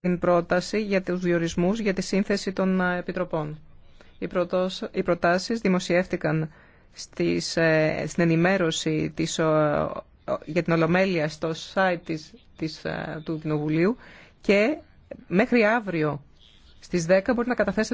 την πρόταση για τους διορισμούς για τη σύνθεση των ε, επιτροπών. Οι προτάσεις δημοσιεύτηκαν στις, ε, στην ενημέρωση της, ε, για την Ολομέλεια στο site της, του Κοινοβουλίου και μέχρι αύριο στις 10 μπορεί να καταθέσετε